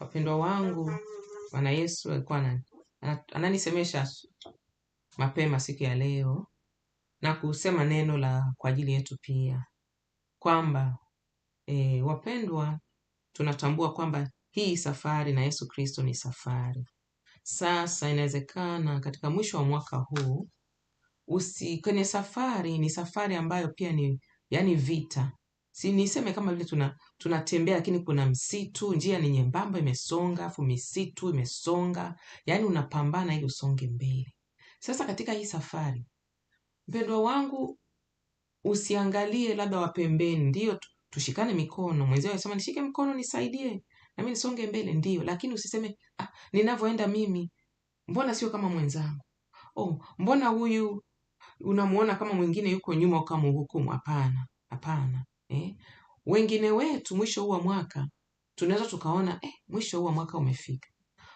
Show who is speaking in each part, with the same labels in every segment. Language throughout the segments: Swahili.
Speaker 1: Wapendwa wangu, Bwana Yesu alikuwa ananisemesha mapema siku ya leo na kusema neno la kwa ajili yetu pia kwamba e, wapendwa, tunatambua kwamba hii safari na Yesu Kristo ni safari. Sasa inawezekana katika mwisho wa mwaka huu usi, kwenye safari ni safari ambayo pia ni yani vita si niseme kama vile tuna tunatembea lakini kuna msitu njia ni nyembamba imesonga afu misitu imesonga yaani unapambana ili usonge mbele sasa katika hii safari mpendwa wangu usiangalie labda wa pembeni ndiyo tushikane mikono mwenzio asema nishike mkono nisaidie nami nisonge mbele ndio lakini usiseme ah, ninavyoenda mimi mbona sio kama mwenzangu oh, mbona huyu unamuona kama mwingine yuko nyuma ukamhukumu hapana hapana eh? Wengine wetu mwisho huu wa mwaka tunaweza tukaona eh, mwisho wa mwaka umefika,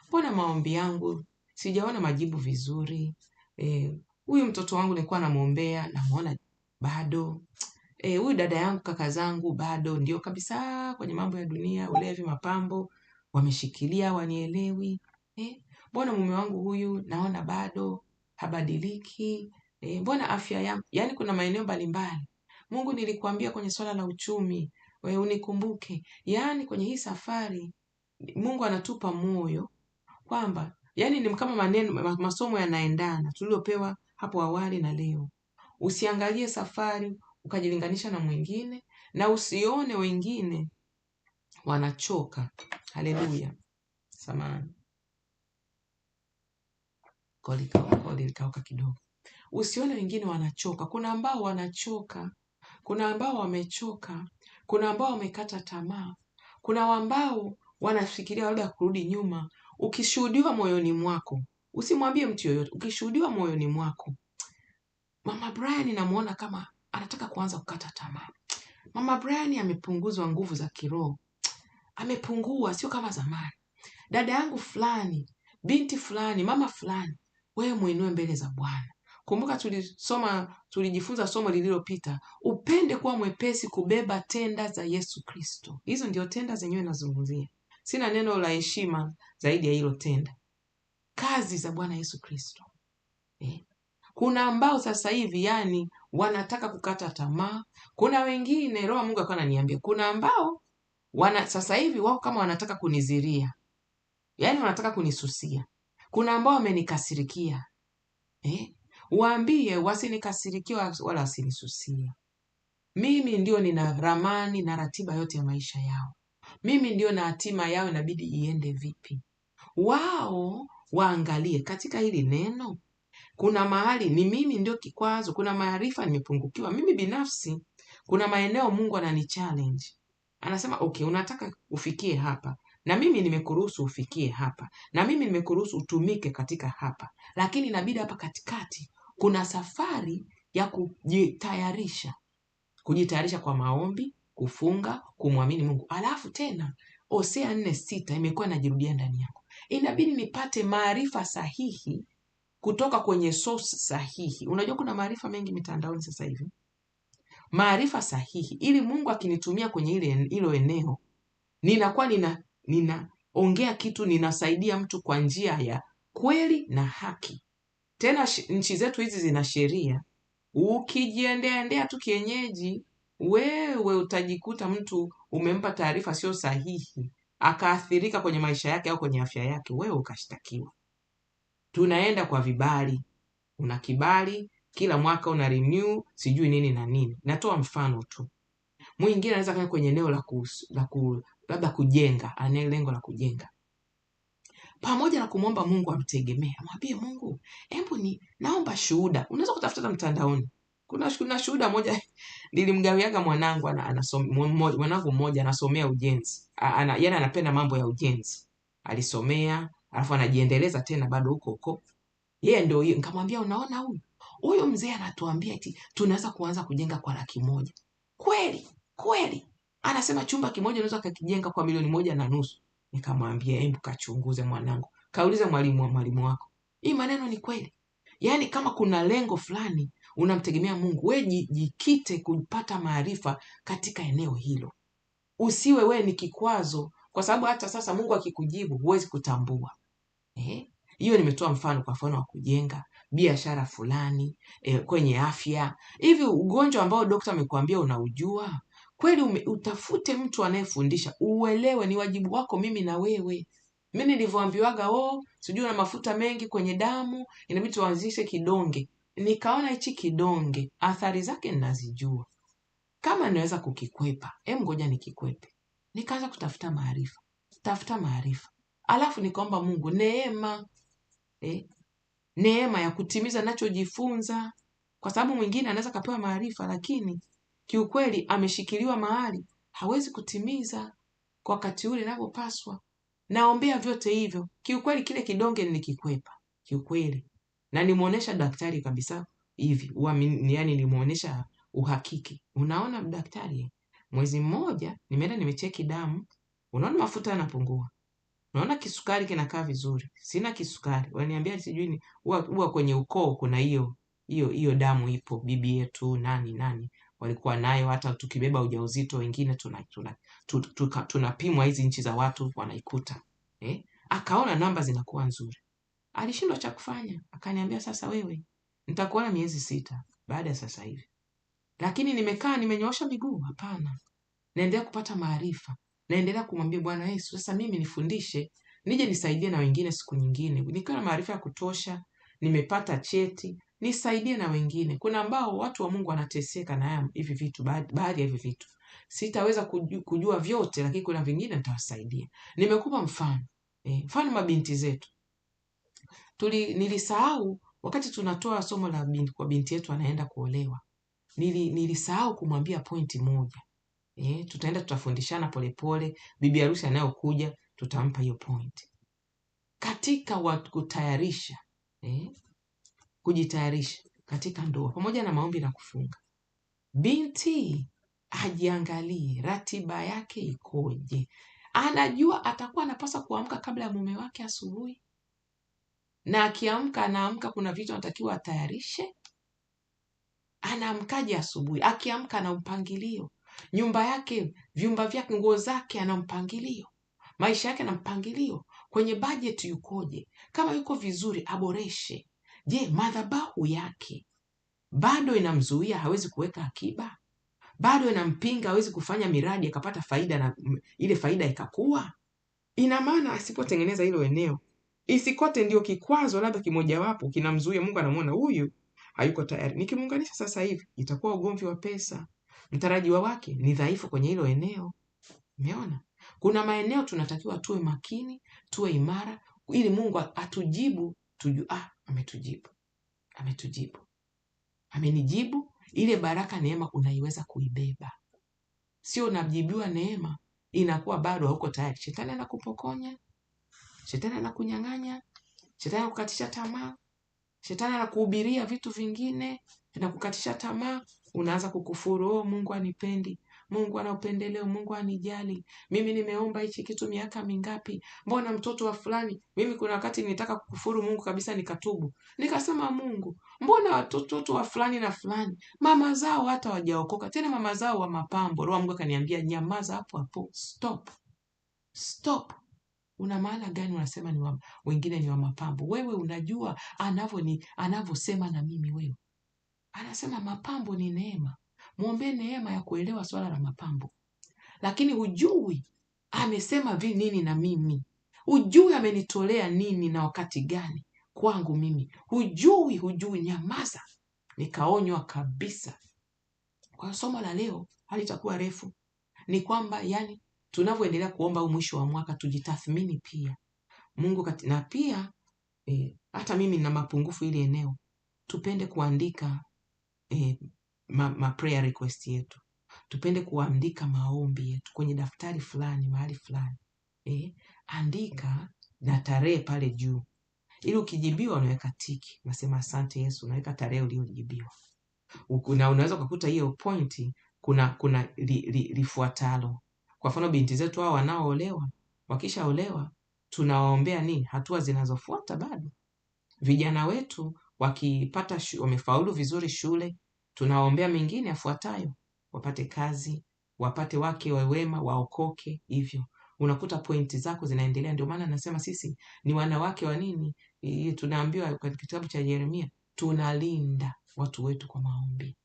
Speaker 1: mbona maombi yangu sijaona majibu vizuri eh, huyu eh, mtoto wangu nilikuwa namwombea namuona bado eh, huyu eh, dada yangu kaka zangu bado ndio kabisa kwenye mambo ya dunia, ulevi, mapambo wameshikilia, wanielewi eh, mume wangu huyu naona bado habadiliki eh, mbona afya yangu, yaani kuna maeneo mbalimbali Mungu nilikuambia kwenye swala la uchumi, we unikumbuke. Yaani kwenye hii safari Mungu anatupa moyo kwamba yani ni kama maneno masomo yanaendana tuliopewa hapo awali na leo. Usiangalie safari ukajilinganisha na mwingine na usione wengine wanachoka. Haleluya. samani Koli kidogo. Usione wengine wanachoka. Kuna ambao wanachoka kuna ambao wamechoka, kuna ambao wamekata tamaa, kuna ambao wanafikiria labda kurudi nyuma. Ukishuhudiwa moyoni mwako, usimwambie mtu yoyote, ukishuhudiwa moyoni mwako, Mama Brian namuona kama anataka kuanza kukata tamaa, Mama Brian amepunguzwa nguvu za kiroho, amepungua, sio kama zamani, dada yangu fulani, binti fulani, mama fulani, wewe mwinue mbele za Bwana. Kumbuka tulisoma, tulijifunza somo lililopita, upende kuwa mwepesi kubeba tenda za Yesu Kristo. Hizo ndio tenda zenyewe nazungumzia, sina neno la heshima zaidi ya hilo tenda, kazi za Bwana Yesu Kristo eh. Kuna ambao sasa hivi yani wanataka kukata tamaa. Kuna wengine, roho Mungu akawa ananiambia, kuna ambao wana sasa hivi wao kama wanataka kuniziria, yani wanataka kunisusia. Kuna ambao wamenikasirikia eh? Waambie wasinikasirikiwa wala wasinisusia Mimi ndio nina ramani na ratiba yote ya maisha yao. Mimi ndio na hatima yao inabidi iende vipi. Wao waangalie katika hili neno kuna mahali ni mimi ndio kikwazo, kuna maarifa nimepungukiwa mimi binafsi, kuna maeneo Mungu anani challenge, anasema okay, unataka ufikie hapa, na mimi nimekuruhusu ufikie hapa, na mimi nimekuruhusu utumike katika hapa, lakini inabidi hapa katikati kuna safari ya kujitayarisha, kujitayarisha kwa maombi, kufunga, kumwamini Mungu. Alafu tena Hosea nne sita imekuwa inajirudia ndani yako inabidi nipate maarifa sahihi kutoka kwenye source sahihi. Unajua kuna maarifa mengi mitandaoni sasa hivi, maarifa sahihi, ili Mungu akinitumia kwenye ile hilo eneo, ninakuwa nina ninaongea kitu, ninasaidia mtu kwa njia ya kweli na haki tena nchi zetu hizi zina sheria, ukijiendeaendea tu kienyeji, wewe utajikuta mtu umempa taarifa sio sahihi, akaathirika kwenye maisha yake au kwenye afya yake, wewe ukashtakiwa. Tunaenda kwa vibali, una kibali kila mwaka una renew, sijui nini na nini. Natoa mfano tu. Mwingine anaweza kaa kwenye eneo la labda kujenga, ana lengo la kujenga, pamoja na kumwomba Mungu amtegemee, amwambie Mungu, hebu ni naomba shuhuda. Unaweza kutafuta hata mtandaoni. Kuna kuna shuhuda moja nilimgawiaga mwanangu ana, anasom, mwanangu mmoja anasomea ujenzi ana, yani anapenda mambo ya ujenzi, alisomea alafu anajiendeleza tena bado huko huko yeye ndio hiyo. Nikamwambia, unaona huyu huyu mzee anatuambia eti tunaweza kuanza kujenga kwa laki moja. Kweli kweli, anasema chumba kimoja unaweza ukakijenga kwa milioni moja na nusu. Nikamwambia, hebu kachunguze mwanangu, kauliza mwalimu wa mwalimu wako, hii maneno ni kweli? Yaani kama kuna lengo fulani unamtegemea Mungu, we jikite kupata maarifa katika eneo hilo, usiwe wee ni kikwazo, kwa sababu hata sasa Mungu akikujibu huwezi kutambua eh? Hiyo nimetoa mfano, kwa mfano wa kujenga biashara fulani eh, kwenye afya hivi, ugonjwa ambao dokta amekuambia unaujua kweli ume, utafute mtu anayefundisha uelewe, ni wajibu wako mimi na wewe. Mi nilivyoambiwaga oh, sijui una mafuta mengi kwenye damu, inabidi tuanzishe kidonge. Nikaona hichi kidonge athari zake ninazijua, kama ninaweza kukikwepa, em, ngoja nikikwepe. Nikaanza kutafuta maarifa, tafuta maarifa, alafu nikaomba Mungu neema eh, neema ya kutimiza nachojifunza, kwa sababu mwingine anaweza kapewa maarifa lakini kiukweli ameshikiliwa mahali hawezi kutimiza kwa wakati ule inavyopaswa. Naombea vyote hivyo, kiukweli kile kidonge nilikikwepa kiukweli, na nimwonyesha daktari kabisa hivi uamini, yani nimwonyesha uhakiki. Unaona daktari, mwezi mmoja nimeenda nimecheki damu, unaona mafuta yanapungua, unaona kisukari kinakaa vizuri, sina kisukari. Waniambia sijui huwa kwenye ukoo kuna hiyo hiyo hiyo damu ipo bibi yetu nani nani walikuwa nayo hata tukibeba ujauzito wengine tunapimwa tuna, tuna, tuna, tuna hizi nchi za watu wanaikuta eh? akaona namba zinakuwa nzuri alishindwa cha kufanya akaniambia sasa wewe nitakuona miezi sita baada ya sasa hivi lakini nimekaa nimenyoosha miguu hapana naendelea kupata maarifa naendelea kumwambia bwana yesu sasa mimi nifundishe nije nisaidie na wengine siku nyingine nikiwa na maarifa ya kutosha nimepata cheti nisaidie na wengine. Kuna ambao watu wa Mungu wanateseka na hivi vitu, baadhi ya hivi vitu. Sitaweza kujua, kujua vyote, lakini kuna vingine nitawasaidia. Nimekupa mfano e, mfano mabinti zetu tuli, nilisahau wakati tunatoa somo la binti, kwa binti yetu anaenda kuolewa nili, nilisahau kumwambia pointi moja e, tutaenda tutafundishana polepole, bibi harusi anayokuja tutampa hiyo pointi katika wa kutayarisha eh, kujitayarisha katika ndoa pamoja na maombi na kufunga. Binti ajiangalie ratiba yake ikoje. Anajua atakuwa anapaswa kuamka kabla ya mume wake asubuhi, na akiamka anaamka, kuna vitu anatakiwa atayarishe. Anaamkaje asubuhi? Akiamka ana mpangilio, nyumba yake, vyumba vyake, nguo zake, ana mpangilio, maisha yake ana mpangilio. Kwenye bajeti yukoje? Kama yuko vizuri, aboreshe. Je, madhabahu yake bado inamzuia, hawezi kuweka akiba, bado inampinga, hawezi kufanya miradi akapata faida na ile faida ikakuwa. Ina maana asipotengeneza hilo eneo, isikote ndio kikwazo labda kimojawapo kinamzuia. Mungu anamwona huyu hayuko tayari, nikimuunganisha sasa hivi itakuwa ugomvi wa pesa, mtarajiwa wake ni dhaifu kwenye hilo eneo. Umeona, kuna maeneo tunatakiwa tuwe makini, tuwe imara, ili Mungu atujibu tujua ah, ametujibu, ametujibu, amenijibu. Ile baraka neema unaiweza kuibeba, sio unajibiwa neema inakuwa bado hauko tayari. Shetani anakupokonya, shetani anakunyang'anya, shetani anakukatisha tamaa, shetani anakuhubiria vitu vingine, anakukatisha tamaa, unaanza kukufuru, oh, Mungu anipendi, Mungu ana upendeleo, Mungu anijali. Mimi nimeomba hichi kitu miaka mingapi, mbona mtoto wa fulani? Mimi kuna wakati nilitaka kukufuru Mungu kabisa, nikatubu nikasema, Mungu, mbona watoto wa fulani na fulani mama zao hata wajaokoka tena, mama zao wa mapambo? Roho Mungu akaniambia, nyamaza hapo hapo, stop stop Una maana gani unasema ni wa, wengine ni wa mapambo? Wewe unajua anavyo ni anavyosema na mimi wewe, anasema mapambo ni neema mwombee neema ya kuelewa swala la mapambo, lakini hujui amesema vi nini na mimi, hujui amenitolea nini na wakati gani kwangu mimi, hujui, hujui, nyamaza. Nikaonywa kabisa. Kwa somo la leo halitakuwa refu, ni kwamba yani tunavyoendelea kuomba huu mwisho wa mwaka tujitathmini pia Mungu kati, na pia eh, hata mimi nina mapungufu ili eneo, tupende kuandika eh, ma, ma prayer request yetu, tupende kuandika maombi yetu kwenye daftari fulani mahali fulani eh, andika na tarehe pale juu, ili ukijibiwa unaweka tiki, unasema asante Yesu, unaweka tarehe uliyojibiwa na unaweza ukakuta hiyo pointi kuna kuna lifuatalo li, li kwa mfano binti zetu hao wanaoolewa wakishaolewa tunawaombea nini hatua zinazofuata bado vijana wetu wakipata wamefaulu vizuri shule Tunawaombea mengine afuatayo wapate kazi, wapate wake wawema waokoke. Hivyo unakuta pointi zako zinaendelea. Ndio maana nasema sisi ni wanawake wa nini, tunaambiwa katika kitabu cha Yeremia, tunalinda watu wetu kwa maombi,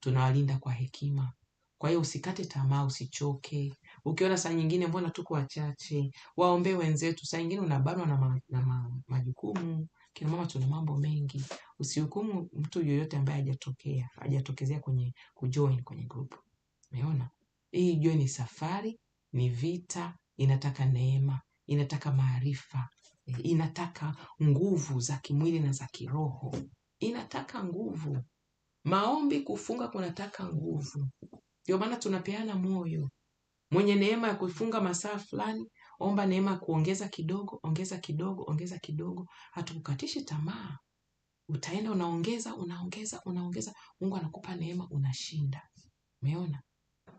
Speaker 1: tunawalinda kwa hekima. Kwa hiyo usikate tamaa, usichoke. Ukiona saa nyingine mbona tuko wachache, waombee wenzetu. Saa nyingine unabanwa na, ma, na ma, majukumu Kina mama tuna mambo mengi. Usihukumu mtu yoyote ambaye hajatokea, hajatokezea kwenye kujoin kwenye grupu Umeona? Hii join ni safari, ni vita, inataka neema, inataka maarifa, inataka nguvu za kimwili na za kiroho. Inataka nguvu. Maombi kufunga kunataka nguvu. Ndio maana tunapeana moyo. Mwenye neema ya kufunga masaa fulani omba neema kuongeza kidogo, ongeza kidogo, ongeza kidogo. Hatukukatishi tamaa, utaenda unaongeza, unaongeza, unaongeza. Mungu anakupa neema, unashinda. Umeona?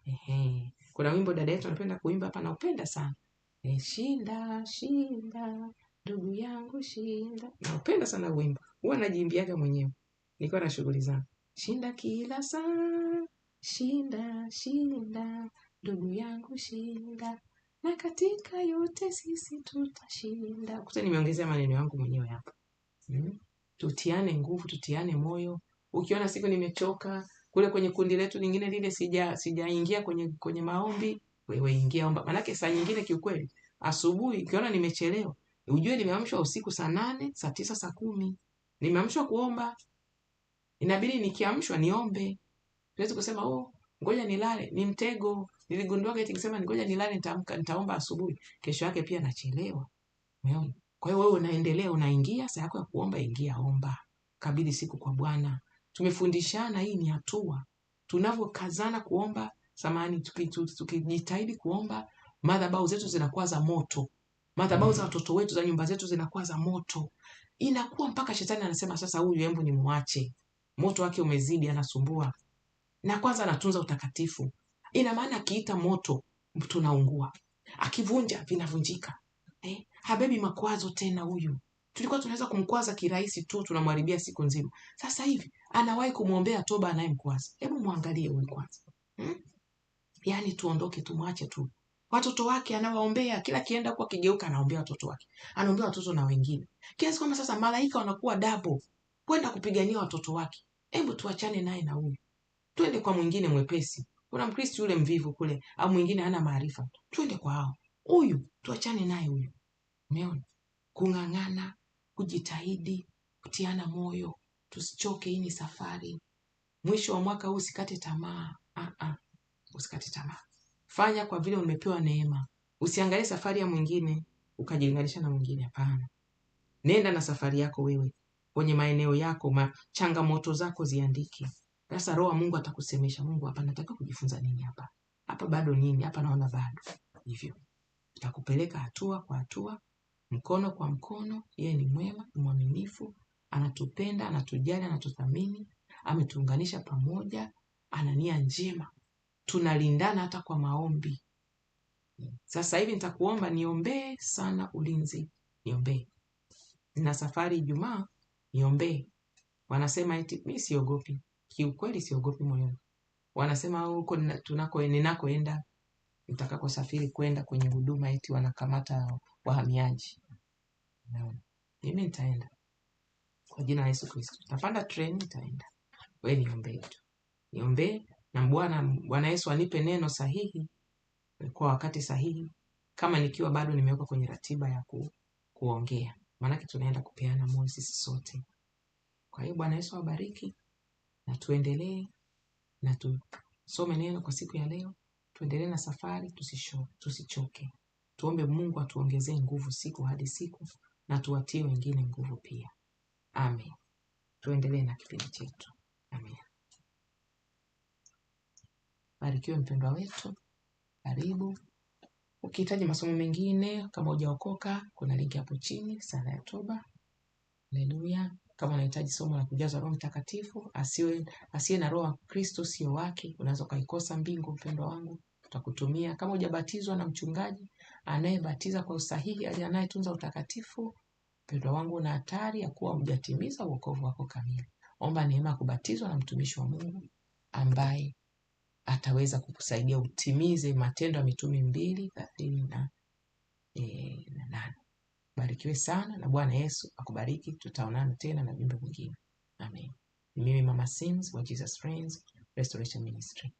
Speaker 1: Ehe. Kuna wimbo dada yetu anapenda kuimba hapa, naupenda sana e, shinda shinda ndugu yangu shinda. Naupenda sana wimbo, huwa najiimbiaga mwenyewe nikiwa na shughuli zangu. Shinda kila saa, shinda shinda ndugu yangu shinda na katika yote sisi tutashinda. Kuta nimeongezea maneno yangu mwenyewe hapa hmm? Tutiane nguvu, tutiane moyo. Ukiona siku nimechoka kule kwenye kundi letu lingine lile, sija sijaingia kwenye kwenye maombi, wewe ingia omba, manake saa nyingine kiukweli, asubuhi ukiona nimechelewa, ujue nimeamshwa usiku saa nane, saa tisa, saa kumi, nimeamshwa kuomba, inabidi nikiamshwa niombe. Siwezi kusema oh, ngoja nilale, ni mtego. Niligundua eti nikisema ngoja nilale nitaamka nitaomba asubuhi, kesho yake pia nachelewa. Umeona? Kwa hiyo wewe unaendelea unaingia saa yako ya kuomba ingia omba. Kabidhi siku kwa Bwana. Tumefundishana hii ni hatua. Tunavyokazana kuomba, samani tukijitahidi tuki, kuomba, madhabahu zetu zinakuwa za moto. Madhabahu za mm. watoto wetu za nyumba zetu zinakuwa za moto. Inakuwa mpaka shetani anasema sasa, huyu embu ni mwache moto wake umezidi, anasumbua. Na kwanza anatunza utakatifu ina maana akiita moto tunaungua, akivunja vinavunjika. Eh, habebi makwazo tena huyu. Tulikuwa tunaweza kumkwaza kirahisi tu, tunamharibia siku nzima. Sasa hivi anawahi kumwombea toba anayemkwaza. Hebu mwangalie huyu kwanza hmm? Yaani tuondoke, tumwache tu. Watoto wake anawaombea, kila kienda kuwa kigeuka, anaombea watoto wake, anaombea watoto na wengine, kiasi kwamba sasa malaika wanakuwa dabo kwenda kupigania watoto wake. Hebu tuachane naye na huyu, twende kwa mwingine mwepesi kuna mkristu yule mvivu kule au mwingine hana maarifa twende kwa hao huyu tuachane naye huyu umeona kung'ang'ana kujitahidi kutiana moyo tusichoke hii ni safari mwisho wa mwaka huu usikate tamaa uh-uh. usikate tamaa fanya kwa vile umepewa neema usiangalie safari ya mwingine ukajilinganisha na mwingine hapana nenda na safari yako wewe kwenye maeneo yako ma changamoto zako ziandike sasa roho Mungu atakusemesha, Mungu hapa nataka kujifunza nini hapa? Hapa bado nini? Hapa naona bado. Hivyo. Atakupeleka hatua kwa hatua, mkono kwa mkono. Yeye ni mwema, ni mwaminifu, anatupenda, anatujali, anatuthamini, ametuunganisha pamoja, ana nia njema. Tunalindana hata kwa maombi. Sasa hivi nitakuomba niombee sana ulinzi, niombee. Nina safari Ijumaa, niombee. Wanasema eti mimi siogopi kiukweli siogopi moyoni wanasema huko tunako ninakoenda nitakakosafiri kwenda kwenye huduma eti wanakamata wahamiaji no. mimi nitaenda kwa jina la yesu kristo tapanda treni nitaenda we niombee tu niombee na bwana bwana yesu anipe neno sahihi kwa wakati sahihi kama nikiwa bado nimewekwa kwenye ratiba ya ku, kuongea maanake tunaenda kupeana moyo sisi sote kwa hiyo bwana yesu awabariki na tuendelee na tusome neno kwa siku ya leo tuendelee na safari tusisho, tusichoke tuombe mungu atuongezee nguvu siku hadi siku na tuwatie wengine nguvu pia amen tuendelee na kipindi chetu amen barikiwe mpendwa wetu karibu ukihitaji masomo mengine kama hujaokoka kuna linki hapo chini sala ya toba haleluya kama unahitaji somo la kujazwa Roho Mtakatifu, asiwe asiye na roho wa Kristo sio wake. Unaweza ukaikosa mbingu, mpendwa wangu, tutakutumia. Kama hujabatizwa na mchungaji anayebatiza kwa usahihi, anayetunza utakatifu, mpendwa wangu, una hatari ya kuwa hujatimiza uokovu wako kamili. Omba neema ya kubatizwa na mtumishi wa Mungu ambaye ataweza kukusaidia utimize Matendo ya Mitume mbili thelathini na eh, nane. Barikiwe sana na Bwana Yesu akubariki. Tutaonana tena na jumbe mwingine. Amen. Ni mimi Mama Sims wa Jesus Friends Restoration Ministry.